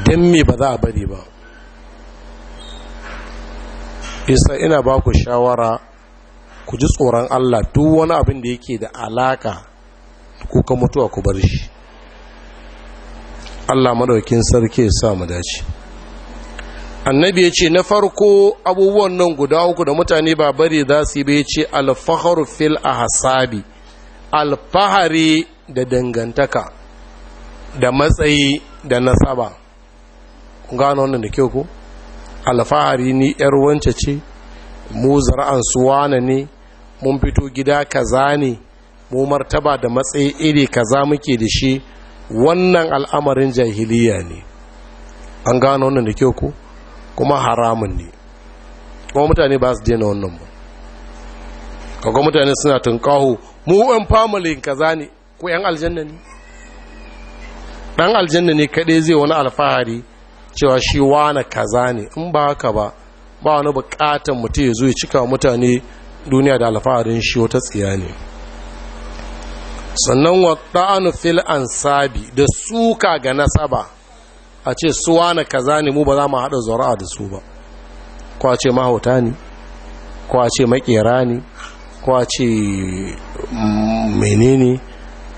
don me ba za a bari ba isa ina ba ku shawara ku ji tsoron allah duk wani abin da yake da alaka kuka mutuwa ku bar shi allah madaukin sarki ya sa mu dace annabi ya ce na farko abubuwan nan guda uku da mutane ba bari za su yi bai ce alfaharu fil a hasabi alfahari da dangantaka da matsayi da nasaba gano wannan da kyau ko alfahari ni yar wance ce mu zara'an suwana ne mun fito gida kaza ne mu martaba da matsayi iri kaza muke da shi wannan al'amarin jahiliya ne an gano wannan da kyau ko kuma haramun ne kuma mutane ba su daina wannan ba kaga mutane suna tunkahu mu yan ka kaza ne ko ɗan aljanna ne ɗan aljanna ne kaɗai zai wani alfahari cewa shi wani kaza ne in ba haka ba ba wani bukatan mutum ya zo ya cika mutane duniya da alfaharin shi wata tsiya ne sannan wa ɗa'anu fil ansabi da suka ga nasaba a ce suwa na kaza ne mu ba za mu haɗa zura'a da su ba ko a ce mahauta ne ko a ce makera ne ko a ce mm, menene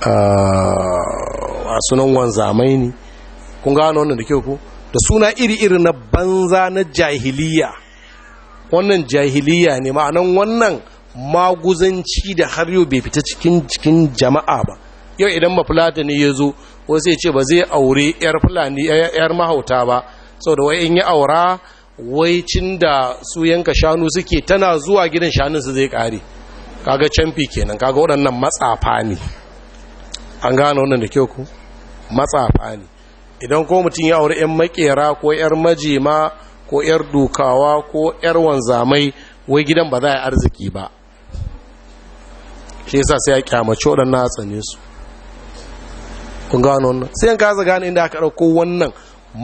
a ah, sunan wanzamai ne kun gano wannan da kyau ko da suna iri-iri na banza na jahiliya wannan jahiliya ne ma'anan wannan maguzanci da har yau bai fita cikin cikin jama'a ba yau idan mafulata ne ya zo ko sai ce ba zai aure yar fulani yar mahauta ba saboda wai in yi aura wai cin da su yanka shanu suke tana zuwa gidan shanu su zai kare kaga canfi kenan kaga waɗannan matsafa ne an gano wannan da kyau ku matsafa ne idan ko mutum ya aure yan makera ko yar majima ko yar dukawa ko yar wanzamai wai gidan ba za a arziki ba shi yasa sai ya kyamace waɗannan a tsane kun gano wannan sai ka za gane inda aka ɗauko wannan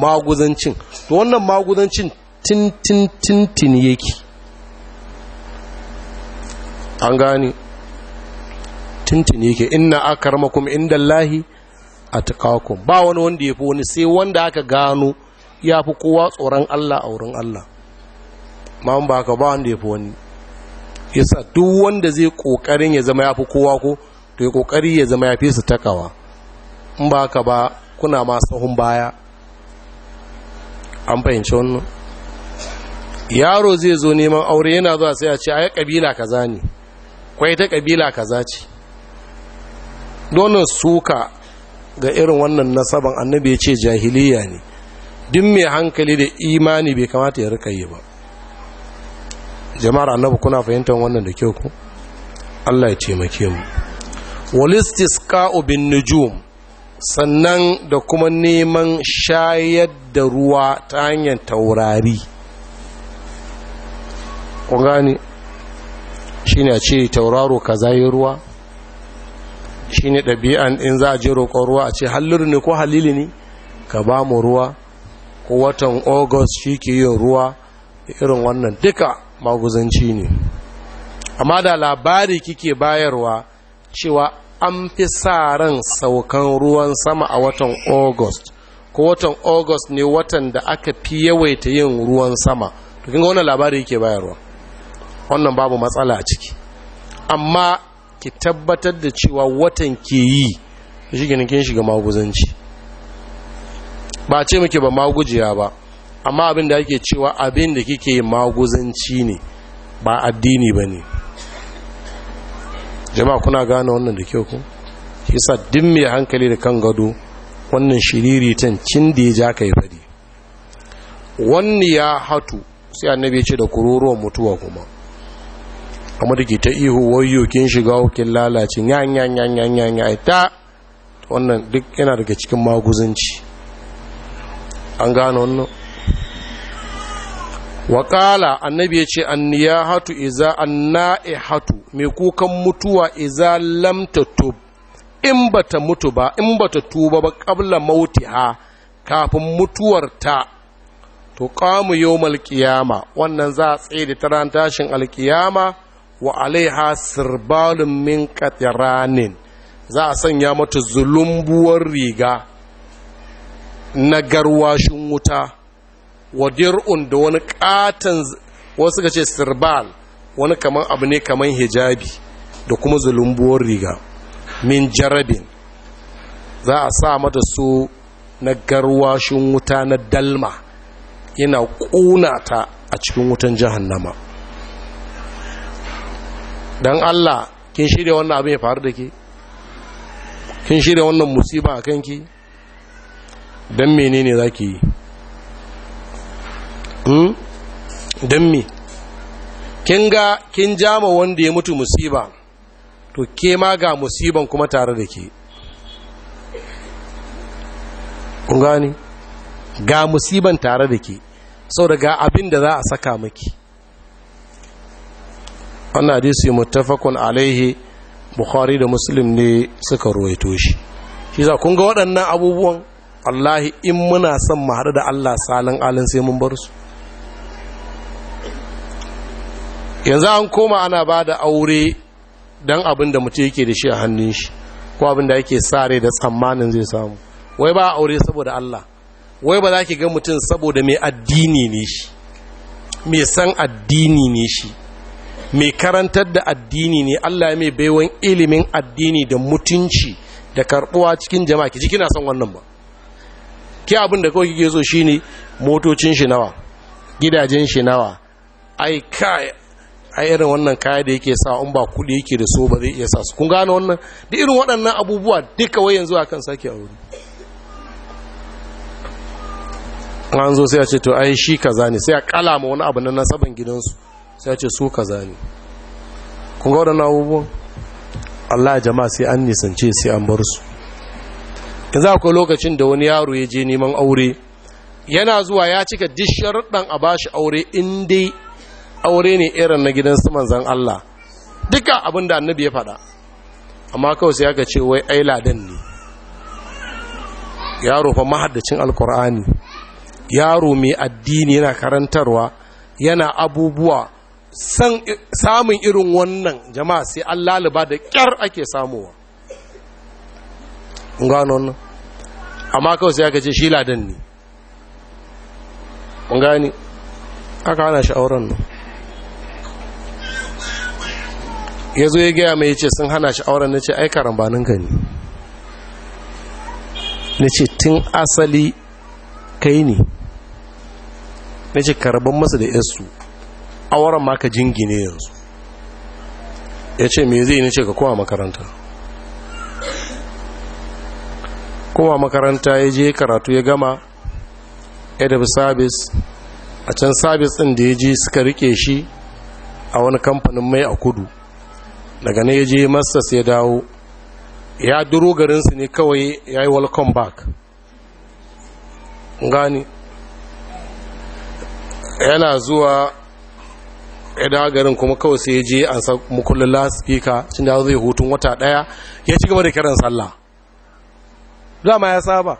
maguzancin to wannan maguzancin tintintintin yake an gane tintin yake inna akarmakum inda Allahi a tukakun ba wani wanda ya fi wani sai wanda aka gano ya fi kowa tsoron Allah a wurin Allah ma ba ka ba wanda ya fi wani yasa duk wanda zai kokarin ya zama ya fi kowa ko to ya kokari ya zama ya fi su takawa in ba ka ba kuna masu hun baya an fahimci wannan yaro zai zo neman aure yana zuwa sai a ce a yi kabila za ne kwai ta kabila kaza ce donin suka ga irin wannan nasaban annabi ya ce jahiliya ne duk mai hankali da imani bai kamata ya rika yi ba jama'ar annabi kuna fahimtar wannan da kyau ku Allah ya taimake mu walistis bin nujum sannan da kuma neman shayar da ruwa ta hanyar taurari ku gani shi ne a ce tauraro ka zayi ruwa shi ne ɗabi'an in za a je roƙon ruwa a ce halliru ne ko halili ne ka ba mu ruwa ko watan august shi ke yin ruwa irin wannan duka maguzanci ne amma da labari kike bayarwa cewa an fi sa ran saukan ruwan sama a watan august ko watan august ne watan da aka fi yawaita yin ruwan sama to kinga wannan labari yake bayarwa wannan babu matsala a ciki amma ki tabbatar da cewa watan ke yi shi kin shiga maguzanci ba ce muke ba magujiya ba amma abin da ake cewa abin da kike maguzanci ne ba addini ba ne jama'a kuna gane wannan da kyau ku yasa din mai hankali da kan gado wannan shiriritan cin da ya ja kai fadi wani ya hatu sai annabi ya ce da kururuwan mutuwa kuma amma da ke ta ihu wayo kin shiga hukin lalacin yan yan yan yan yan yan ta wannan duk yana daga cikin maguzanci an gane wannan waƙala annabi ya ce anniya hatu iza anna'i hatu mai kukan mutuwa iza lamta tub in bata mutu ba in bata tuba ba ƙabla mauti ha kafin mutuwarta to ƙamu yau malkiyama wannan za a tsaye da taran tashin alkiyama wa alaiha sirbalin min katiranin za a sanya mata zulumbuwar riga na garwashin wuta wa dir'un da wani katon wasu suka ce sirbal wani kaman abu ne kaman hijabi da kuma zulumbuwar riga min jarabin za a sa mata su na garwashin wuta na dalma yana ƙuna ta a cikin wutan jahannama don Allah kin shirya wannan abin ya faru da ke kin shirya wannan musiba a kanki don menene za ki yi Hmm? don me kin ga kin jama wanda ya mutu musiba to ke ma ga musiban kuma tare da ke kun gani ga musiban tare da ke sau da ga abin da za a saka maki wannan yi mutafakun alaihi bukhari da muslim ne suka ruwaito shi shi za kun ga waɗannan abubuwan allahi in muna son mu haɗu da allah salin alin sai mun bar su yanzu an koma ana ba da aure don abin da mutu yake da shi a hannun shi ko abin da yake sare da tsammanin zai samu wai ba aure saboda Allah wai ba za ki ga mutum saboda mai addini ne shi mai san addini ne shi mai karantar da addini ne Allah mai baiwan ilimin addini da mutunci da karbuwa cikin jama'a ki ji kina son wannan ba ki abin da kawai kike so shine motocin shi nawa gidajen shi nawa ai kai a irin wannan kaya da yake sa in ba kuɗi yake da so ba zai iya sa su kun gane wannan da irin waɗannan abubuwa duka wai yanzu akan sake aure an zo sai a ce to ai shi kaza ne sai a kala ma wani abu na nasaban gidansu sai a ce su kaza ne kun ga waɗannan abubuwan Allah jama'a sai an nisance sai an bar su za ku lokacin da wani yaro ya je neman aure yana zuwa ya cika dishar dan a bashi aure in dai aure ne irin na gidan su manzan Allah duka abin da annabi ya faɗa amma kawai sai aka ce wai ai ladan ne yaro fa mahaddacin alkur'ani yaro mai addini yana karantarwa yana abubuwa samun irin wannan jama'a sai an laluba da kyar ake samuwa gano wannan amma kawai sai aka ce shi ladan ne gani aka hana shi auren nan ya zo ya gaya mai ce sun hana shi auren na ce ai karambaninka ne na ce tun asali kai ne na ce karabin masa da yasu auren maka jingine yanzu ya ce me zai na ce ka kowa makaranta kowa makaranta ya je karatu ya gama edab sabis a can sabis ɗin da ya je suka rike shi a wani kamfanin mai a kudu daga ne ya je masa sai dawo ya duro garinsu ne kawai ya yi welcome back gani yana zuwa ya dawo garin kuma kawai sai ya je an sa mukullin laspika cin da zai hutun wata daya ya ci gaba da kiran sallah dama ya saba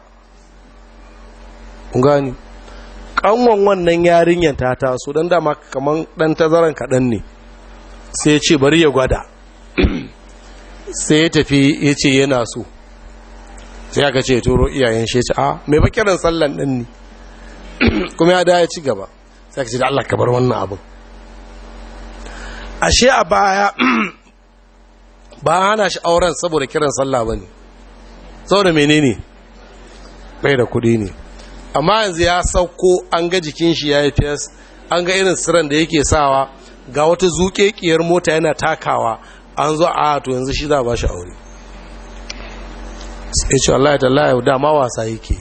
gani kanwon wannan yarinyar ta taso don dama kamar dan tazaran kaɗan ne sai ya ce bari ya gwada sai ya tafi ya ce yana so sai aka ce turo iyayen shi ya ce a mai bakirin kiran sallan ɗin ne kuma ya daya ya ci gaba sai aka ce da Allah ka bar wannan abin ashe a baya ba hana shi auren saboda kiran sallah ba ne saboda menene bai da kuɗi ne amma yanzu ya sauko an ga jikin shi ya yi fes an ga irin siran da yake sawa ga wata zuƙeƙiyar mota yana takawa an zo a ah, to yanzu shi za a ba shi aure sai ce Allah ya da dama wasa yake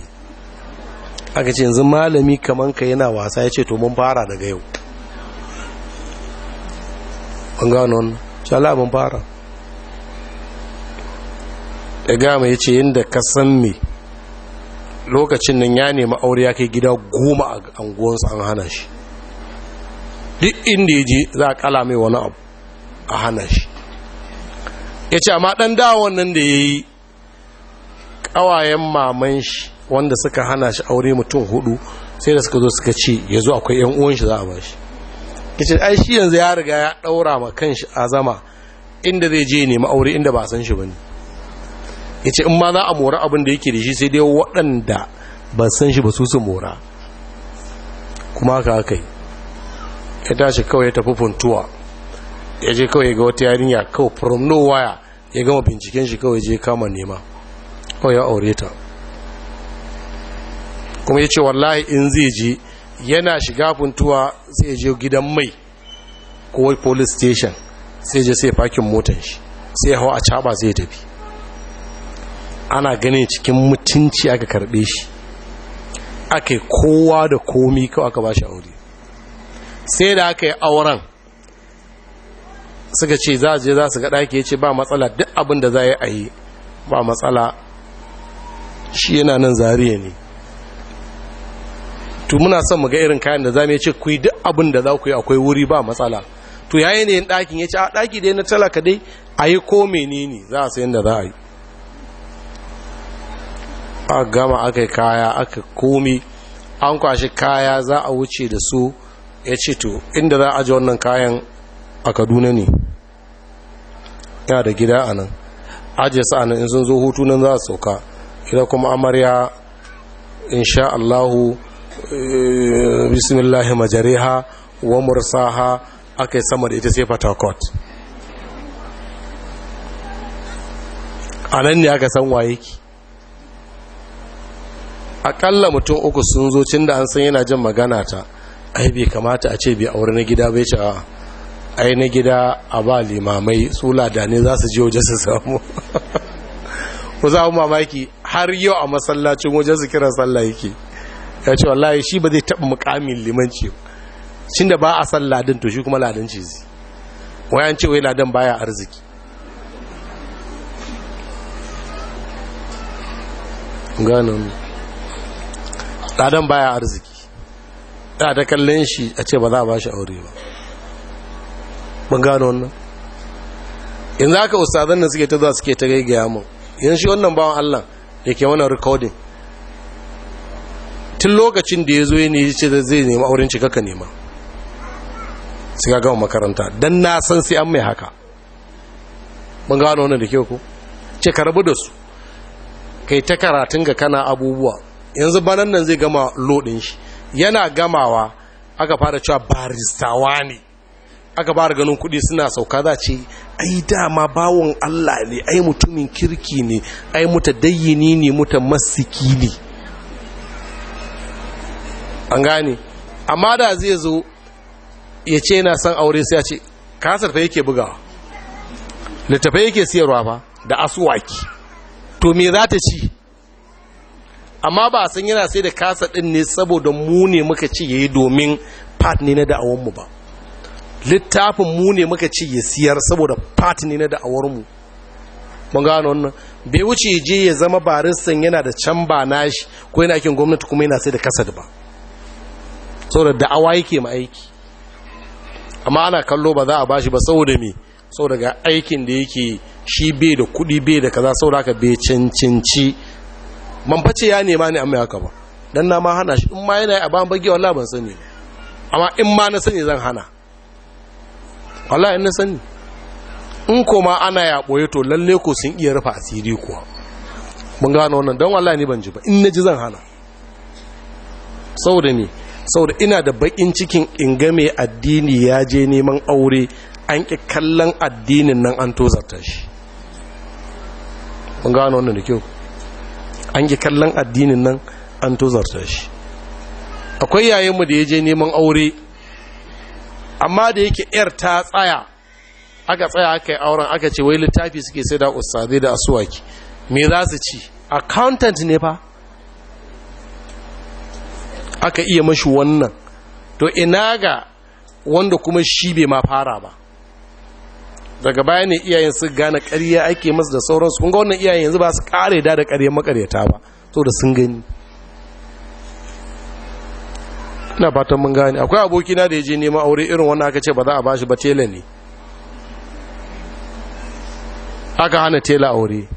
aka ce yanzu malami kaman ka yana wasa ya ce to mun fara daga yau an gano wannan ce Allah mun fara da gama ya ce yadda ka san me lokacin nan ya nemi aure ya kai gida goma a anguwansa an hana shi duk inda ya ji za a kala mai wani abu a hana shi ya ce amma ɗan dawon nan da ya yi ƙawayen maman shi wanda suka hana shi aure mutum hudu sai da suka zo suka ce ya zo akwai yan uwan shi za a ba shi ya ce ai shi yanzu ya riga ya ɗaura ma kan shi azama inda zai je nemi aure inda ba san shi ba ne ya ce in ma za a mora abin da yake da shi sai dai waɗanda ba san shi ba su su mora kuma haka haka ya tashi kawai ya tafi funtuwa ya je kawai ga wata yarinya kawai from nowhere ya gama binciken shi kawai je kama nema kawai ya aure ta kuma ya ce wallahi in zai je yana shiga funtuwa sai je gidan mai ko police station sai je sai fakin motan shi sai hau a caba zai tafi ana ganin cikin mutunci aka karbe shi aka kowa da komi kawai aka ba shi aure sai da aka yi auren suka ce za je za su ga ɗaki ya ce ba matsala duk abin da za yi a yi ba matsala shi yana nan zariya ne to muna son mu ga irin kayan da za mu ce ku yi duk abin da za ku yi akwai wuri ba matsala to yayi ne yin ɗakin ya ce a ɗaki dai na talaka dai a yi ko menene za a sayan da za a yi a gama aka yi kaya aka komi an kwashe kaya za a wuce da su ya ce to inda za a ji wannan kayan a kaduna ne yana da gida a nan ajiye sa nan in sun zo hutu nan za a sauka ila kuma amarya insha allahu eh, bismillahi majariha wa mursaha aka yi sama da ita sai fatakot a nan ne aka san waye ki akalla mutum uku sun zo cin da an san yana jin magana ta ai bai kamata a ce bai aure na gida bai ce a ai na gida a ba limamai su ladane za su je waje su samu ku za mamaki har yau a masallacin waje su kira sallah yake ya ce wallahi shi ba zai taɓa mukamin limanci shin da ba a san ladin to shi kuma ladin ce zai wayan ce wai ladan baya arziki ganin ladan baya arziki ta ta kallon shi a ce ba za a ba shi aure ba Mun gano wannan yanzu haka ustazan nan suke ta zuwa suke ta gaigaya mu yanzu shi wannan bawan Allah da ke wannan recording tun lokacin da ya zo yi ne ce zai nemi auren cika ka nema sai ga gama makaranta dan na san sai an mai haka Mun gano wannan da kyau ku. ce ka rabu da su kai ta karatun ga kana abubuwa yanzu banan nan zai gama lodin shi yana gamawa aka fara cewa baristawa ne aka fara ganin kuɗi suna sauka za ce ai dama bawon Allah ne ai mutumin kirki ne ai mutadayyini ne masiki ne an gane amma da zai zo ya ce yana son aure sai ya ce kasar fa yake bugawa littafai yake siyarwa ba da asuwaki to me za ta ci amma ba a san yana sai da kasa ɗin ne saboda mu ne muka ci yayi domin part ne na mu ba littafin mu ne muka ci ya siyar saboda ne na da'awar mu mun gano wannan bai wuce je ya zama barisan yana da can ba nashi ko yana kin gwamnati kuma yana sai da kasad ba saboda da'awa yake ma aiki amma ana kallo ba za a bashi ba saboda me saboda ga aikin da yake shi bai da kudi bai da kaza saboda ka bai cancanci man face ya nema ne amma haka ba dan na ma hana shi in ma yana a ban bage wallahi ban sani amma in ma na sani zan hana Allah ina sani in koma ana ya ɓoye to lalle ko sun iya rufa asiri kuwa mun gano wannan don wallahi ni ban ji ba in na ji zan hana saboda ne saboda ina da bakin cikin in ga mai addini ya je neman aure an ki kallon addinin nan an tozarta shi mun gano wannan da kyau an ki kallon addinin nan an tozarta shi akwai yayinmu da ya je neman aure amma da yake yar ta tsaya aka tsaya aka yi auren aka ce wai littafi suke sai da ustazai da asuwaki me za su ci accountant ne ba aka iya mashi wannan to ina ga wanda kuma shi bai ma fara ba daga baya ne iyayen su gane ƙarya ake masu da sauransu ga wannan iyayen yanzu ba su ƙare da da ƙarya makaryata ba to da sun gani ina fatan mun gane akwai abokina da ya je neman aure irin wannan aka ce ba za a bashi ba tela ne aka hana tela aure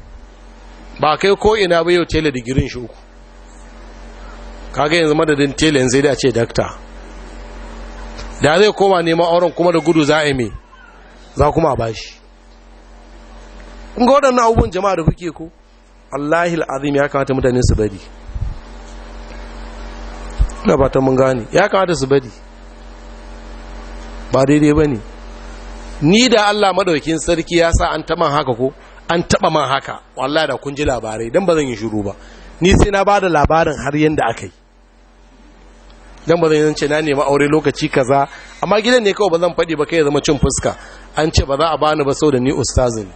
ba kai ko ina ba yau tela digirin shi uku kaga yanzu madadin tela yanzu da ce dakta da zai koma neman auren kuma da gudu za a yi mai za kuma a bashi Kun ga waɗannan abubuwan jama'a da kuke ko allahil azim ya kamata mutane su bari ina ba ta mun gane ya kamata su bari ba daidai ba ne ni da allah madaukin sarki ya sa an taɓa haka ko an taɓa man haka wallahi da kun ji labarai don ba zan yi shuru ba ni sai na ba da labarin har yadda aka yi don ba zan yi ce na nema aure lokaci kaza amma gidan ne kawai ba zan faɗi ba kai zama cin fuska an ce ba za a bani ba sau da ni ustazin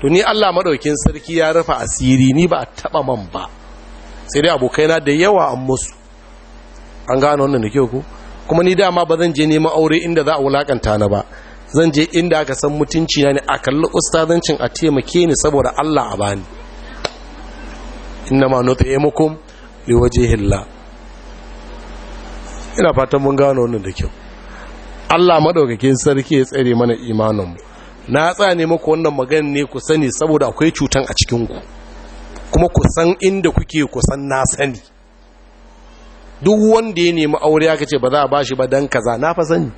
to ni allah maɗaukin sarki ya rufa asiri ni ba a taɓa man ba sai dai abokaina da yawa an musu an gano wannan da kyau ku kuma ni dama ba zan je neman aure inda za a wulakanta na ba zan je inda aka san mutunci na ne a kalli ustazancin a taimake ni saboda Allah a bani inna ma nutaimukum liwajhillah ina fatan mun gano wannan da kyau Allah madaukakin sarki ya tsare mana imanin mu na tsane muku wannan magana ne ku sani saboda akwai cutan a cikin ku kuma ku san inda kuke ku san na sani duk wanda ya nemi aure aka ce ba za a bashi ba dan kaza na fa sani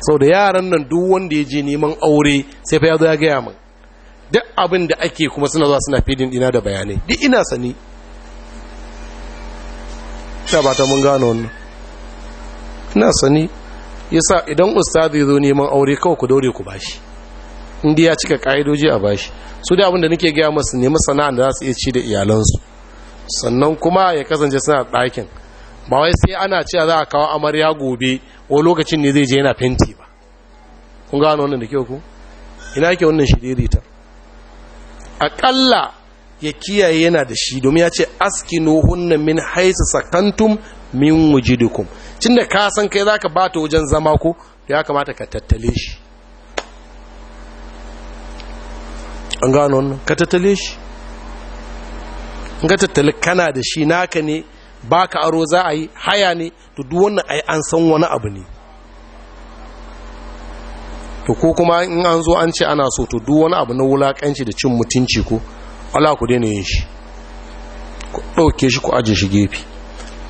sau da yaran nan duk wanda ya je neman aure sai fa ya zo ya gaya min duk abin da ake kuma suna zuwa suna fidin dina da bayanai duk ina sani ta ba ta mun gano wannan ina sani yasa idan ustazi ya zo neman aure kawai ku daure ku bashi inda ya cika ka'idoji a bashi su da abin da nake gaya masu nemi sana'a da za su iya ci da iyalansu sannan kuma ya kasance suna ɗakin ba wai sai ana cewa za a kawo amarya gobe ko lokacin ne zai je yana fenti ba kun gano wannan da kyau ku ina ke wannan shiririta aƙalla ya kiyaye yana da shi domin ya ce aski hunna min haisa sakantum min wujidukum cin da ka san kai zaka bata wajen zama ku ya kamata ka tattale shi an gano wannan ka tattale shi in tattali kana da shi naka ne baka aro za a yi haya ne to duk wannan ai an san wani abu ne to ko kuma in an zo an ce ana so to duk wani abu na wulakanci da cin mutunci ko Allah ku daina yin shi ku ɗauke shi ku aje shi gefe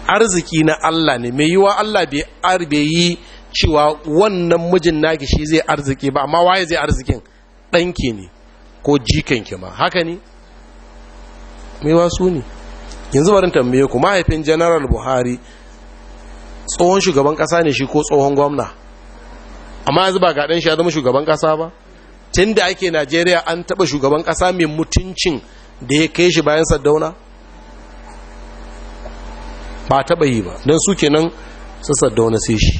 arziki na Allah ne mai yiwa Allah bai arbe yi cewa wannan mijin naki shi zai arziki ba amma waye zai arzikin ɗanki ne ko jikanki ma haka ne mai wasu ne yanzu barin tambaye ku mahaifin general buhari tsohon shugaban kasa ne shi ko tsohon gwamna amma yanzu ba gaɗin shi ya zama shugaban kasa ba tun da ake najeriya an taɓa shugaban kasa mai mutuncin da ya kai shi bayan saddauna ba taɓa yi ba don su kenan su saddauna sai shi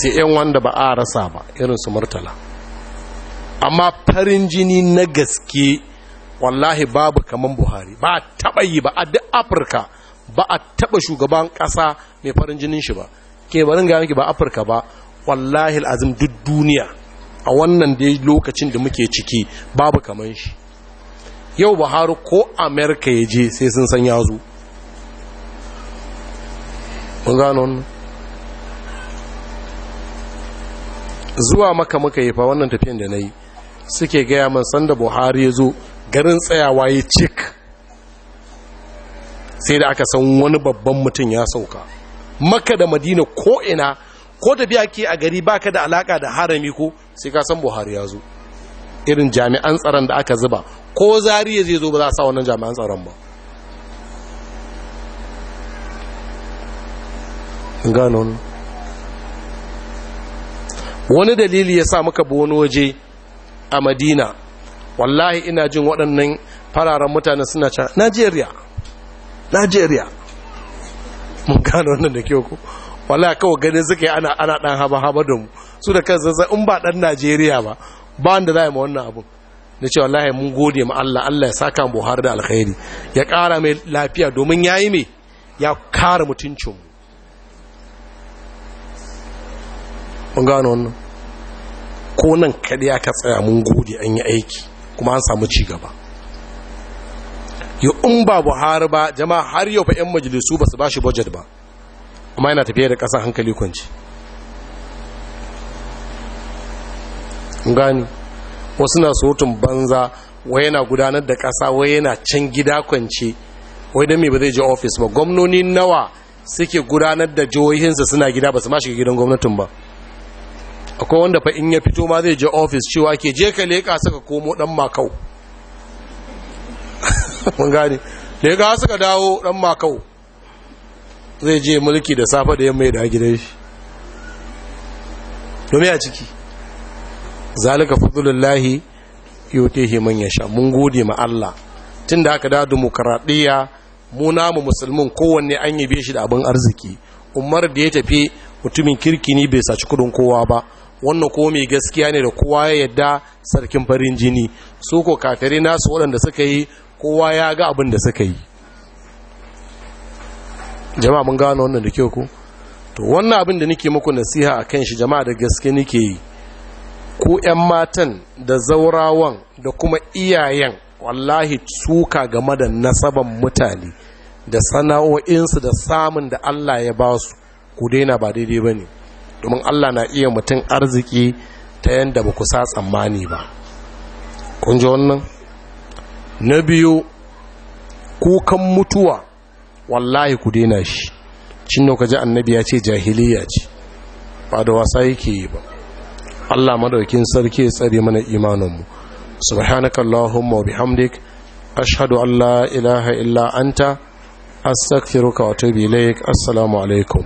sai 'yan wanda ba a rasa ba irin su murtala amma farin jini na gaske wallahi babu kaman buhari ba a taɓa yi ba a duk afirka ba a taɓa shugaban ƙasa mai farin jinin shi ba ke barin ga miki ba afirka ba wallahi azim duk duniya a wannan dai lokacin da muke ciki babu kaman shi yau buhari ko amerika ya je sai sun san ya zuwa maka muka yi fa wannan tafiyan da na yi suke gaya man sanda buhari ya zo garin tsayawa ya cik sai da aka san wani babban mutum ya sauka maka da madina ko'ina ko biya ke a gari baka da alaka da harami ko sai ka san buhari ya zo irin jami'an tsaron da aka zuba ko zariya zai zo ba za a sa wannan jami'an tsaron ba gano wani dalili ya sa muka bu wani waje a madina wallahi ina jin waɗannan fararen mutane suna can najeriya najeriya mun gano wannan da ke ku wallahi kawai ganin suke ana ana ɗan haba haba da mu su da kan sai in ba ɗan najeriya ba ba wanda za yi ma wannan abun da ce wallahi mun gode ma Allah Allah ya saka mu har da alkhairi ya ƙara mai lafiya domin ya yi mai ya kara mutuncin mu mun gano wannan ko nan kada ya ka tsaya mun gode an yi aiki kuma an samu ci gaba yau in ba buhari ba jama'a har yau fa 'yan majalisu ba su ba shi budget ba amma yana tafiya da ƙasa hankali kwanci gani wasu na sautun banza wai yana gudanar da ƙasa wai yana can gida kwance wai don me ba zai je ofis ba gwamnoni nawa suke gudanar da jihohinsu suna gida ba su ma shiga gidan gwamnatin ba akwai wanda fa in ya fito ma zai je ofis cewa ke je ka leƙa suka komo ɗan makau mun gane leƙa suka dawo ɗan makau zai je mulki da safe da yamma da gidan shi domin a ciki zalika fadlullahi yotehe man yasha mun gode ma Allah tunda aka da demokradiya mu namu musulmin kowanne an yi shi da abin arziki umar da ya tafi mutumin kirki ne bai saci kudin kowa ba wannan ko mai gaskiya ne da kowa ya yadda sarkin farin jini su ko katare nasu waɗanda suka yi kowa ya ga abin da suka yi jama'a mun gano wannan da kyau ku to wannan abin da nake muku nasiha a kan shi jama'a da gaske nake yi ko 'yan matan da zaurawan da kuma iyayen wallahi suka game da nasaban mutane da sana'o'insu da samun da Allah ya ba su ku daina ba daidai ba ne domin Allah na iya mutum arziki ta yadda ba ku sa tsammani ba kun ji wannan na biyu kukan mutuwa wallahi ku daina shi cin ka ji annabi ya ce jahiliya ce ba da wasa yake yi ba Allah madaukin sarki ya tsare mana imaninmu subhanakallahumma wa bihamdik ashhadu an la ilaha illa anta astaghfiruka wa atubu ilaik assalamu alaikum